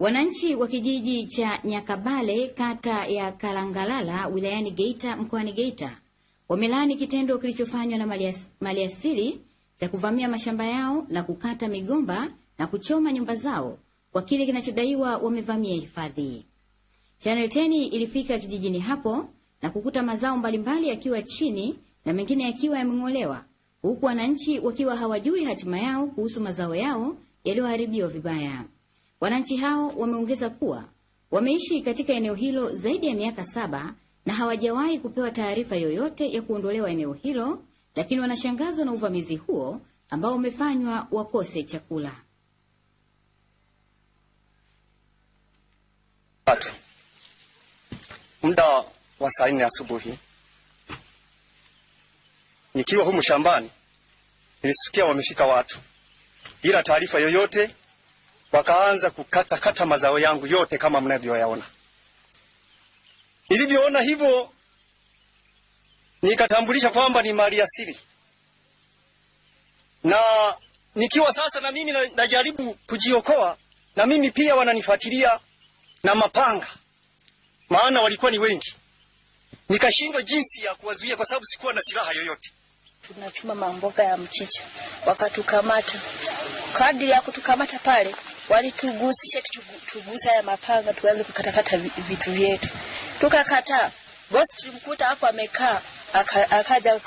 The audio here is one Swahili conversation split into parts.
Wananchi wa kijiji cha Nyakabale kata ya Kalangalala wilayani Geita mkoani Geita wamelaani kitendo kilichofanywa na malias, maliasili cha kuvamia mashamba yao na kukata migomba na kuchoma nyumba zao kwa kile kinachodaiwa wamevamia hifadhi. Channel 10 ilifika kijijini hapo na kukuta mazao mbalimbali yakiwa chini na mengine yakiwa yameng'olewa, huku wananchi wakiwa hawajui hatima yao kuhusu mazao yao yaliyoharibiwa vibaya. Wananchi hao wameongeza kuwa wameishi katika eneo hilo zaidi ya miaka saba na hawajawahi kupewa taarifa yoyote ya kuondolewa eneo hilo, lakini wanashangazwa na uvamizi huo ambao umefanywa wakose chakula. Muda wa saa nne asubuhi nikiwa humu shambani nilisikia wamefika watu bila taarifa yoyote wakaanza kukatakata mazao yangu yote kama mnavyoyaona. Nilivyoona hivyo, nikatambulisha kwamba ni mali asili, na nikiwa sasa na mimi najaribu kujiokoa, na mimi pia wananifuatilia na mapanga, maana walikuwa ni wengi. Nikashindwa jinsi ya kuwazuia kwa sababu sikuwa na silaha yoyote. Tunachuma mamboga ya mchicha, wakatukamata. Kadri ya kutukamata pale Walitugusisha tugusa ya mapanga tuanze kukatakata vitu vyetu, Tukakata. Bosi tulimkuta hapo amekaa, akaja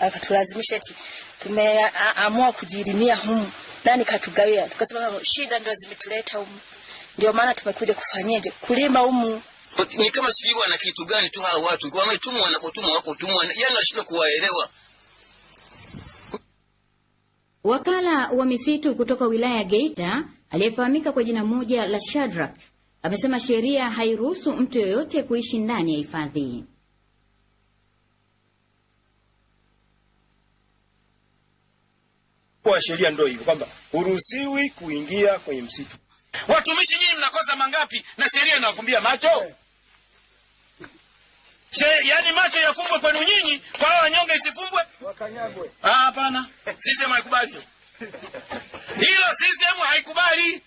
akatulazimisha eti tumeamua kujirimia humu, nani katugawia? Tukasema shida ndio zimetuleta humu, ndio maana tumekuja kufanyeje, kulima humu ni kama sijui wana kitu gani tu hawa watu Kwa maana wametumwa, wanapotumwa wako tumwa, yani nashindwa kuwaelewa. Wakala wa misitu kutoka wilaya ya Geita aliyefahamika kwa jina moja la Shadrack amesema sheria hairuhusu mtu yoyote kuishi ndani ya hifadhi. Kwa sheria ndio hiyo kwamba huruhusiwi kuingia kwenye msitu. Watumishi nyinyi mnakosa mangapi na sheria inawafumbia macho? Yaani yani macho yafumbwe kwenu nyinyi, kwa hao wanyonge isifumbwe? Wakanyagwe. Ah, hapana. CCM haikubali hilo, CCM haikubali.